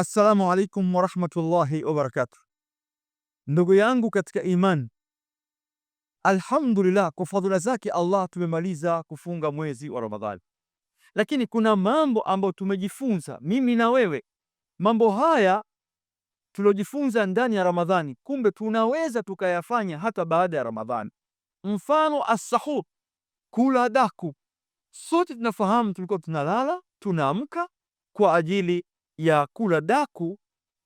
Assalamu alaikum warahmatullahi wabarakatuh, ndugu yangu katika imani, alhamdulillah, kwa fadhila zake Allah tumemaliza kufunga mwezi wa Ramadhani, lakini kuna mambo ambayo tumejifunza mimi na wewe. Mambo haya tuliojifunza ndani ya Ramadhani, kumbe tunaweza tukayafanya hata baada ya Ramadhani. Mfano assahur, kula daku. Sote tunafahamu tulikuwa tunalala tunaamka kwa ajili ya kula daku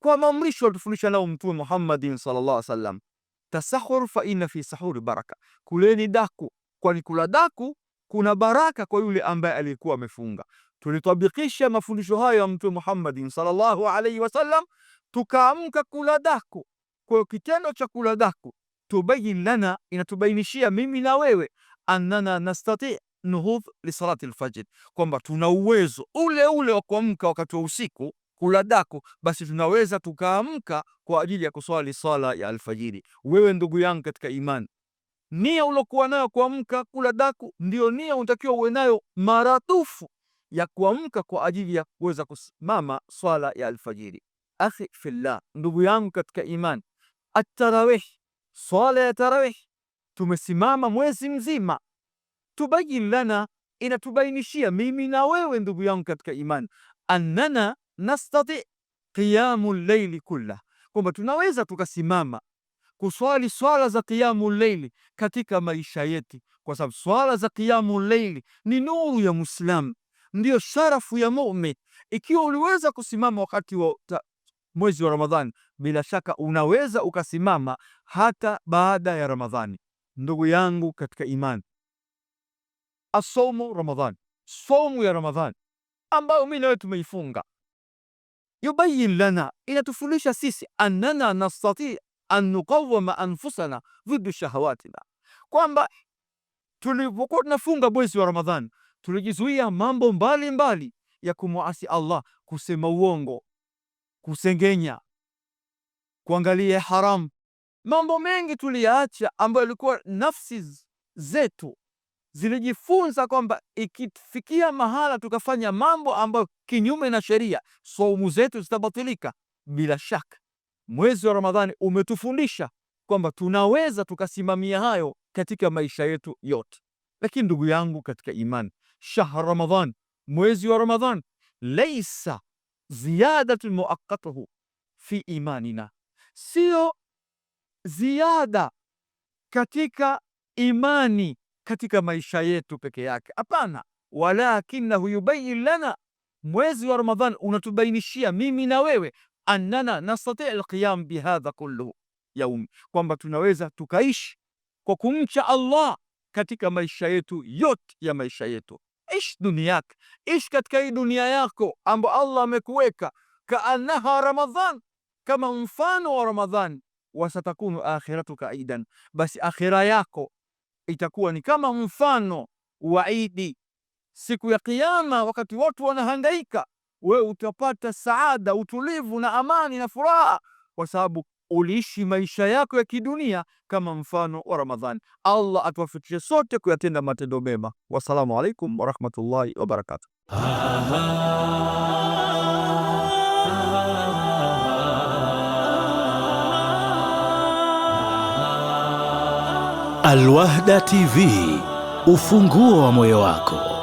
kwa maamrisho alitufundisha nao Mtume Muhammadin sallallahu alaihi wasallam. Tasahuru fa inna fi sahuri baraka, kuleni daku, kwani kula daku kuna baraka kwa yule ambaye alikuwa amefunga. Tulitabikisha mafundisho hayo ya Mtume Muhammadin sallallahu alaihi wasallam, tukaamka kula daku. Kwa hiyo kitendo cha kula daku tubayin lana, inatubainishia mimi na wewe annana nastati nuhudh li salati alfajr, kwamba tuna uwezo ule ule wa kuamka wakati wa usiku kula dako, basi tunaweza tukaamka kwa ajili ya kuswali sala ya alfajiri. Wewe ndugu yangu katika imani, nia uliokuwa nayo kuamka kula dako ndio nia unatakiwa uwe nayo maradufu ya kuamka kwa ajili ya kuweza kusimama swala ya alfajiri. Akhi fillah, ndugu yangu katika imani, atarawih, swala ya tarawih tumesimama mwezi mzima, tubayin lana, inatubainishia mimi na wewe ndugu yangu katika imani, annana nastati qiyamu llaili kulla, kwamba tunaweza tukasimama kuswali swala za qiyamu llaili katika maisha yetu, kwa sababu swala za qiyamu llaili ni nuru ya Muislamu, ndiyo sharafu ya mumin. Ikiwa uliweza kusimama wakati wa mwezi wa Ramadhani, bila shaka unaweza ukasimama hata baada ya Ramadhani. Ndugu yangu katika imani, asaumu Ramadhani, saumu ya Ramadhani ambayo mimi wewe tumeifunga yubayin lana, inatufundisha sisi annana nastatii an nuqawama anfusana dhiddu shahawatina, kwamba tulipokuwa tunafunga mwezi wa Ramadhani tulijizuia mambo mbalimbali mbali ya kumwasi Allah, kusema uongo, kusengenya, kuangalia haramu. Mambo mengi tuliyaacha ambayo ilikuwa nafsi zetu zilijifunza kwamba ikifikia mahala tukafanya mambo ambayo kinyume na sheria, saumu zetu zitabatilika. Bila shaka mwezi wa Ramadhani umetufundisha kwamba tunaweza tukasimamia hayo katika maisha yetu yote. Lakini ndugu yangu katika imani, shahr Ramadhan, mwezi wa Ramadhan, laisa ziyadatun muaqqatuhu fi imanina, sio ziada katika imani katika maisha yetu peke yake. Hapana, walakinahu yubayin lana, mwezi wa Ramadhan unatubainishia mimi na wewe annana nastati alqiyam bihadha kulluhu yaumi, kwamba tunaweza tukaishi kwa kumcha Allah katika maisha yetu yote ya maisha yetu. Ishi dunia yako, ishi katika hii dunia yako ambayo Allah amekuweka, kaannaha Ramadhan, kama mfano wa Ramadhani. Wasatakunu akhiratuka aidan, basi akhira yako itakuwa ni kama mfano wa Idi. Siku ya Kiyama, wakati watu wanahangaika, we utapata saada, utulivu na amani na furaha, kwa sababu uliishi maisha yako ya kidunia kama mfano wa Ramadhani. Allah atuwafikishe sote kuyatenda matendo mema. Wassalamu alaikum warahmatullahi wabarakatuh. Alwahda TV, ufunguo wa moyo wako.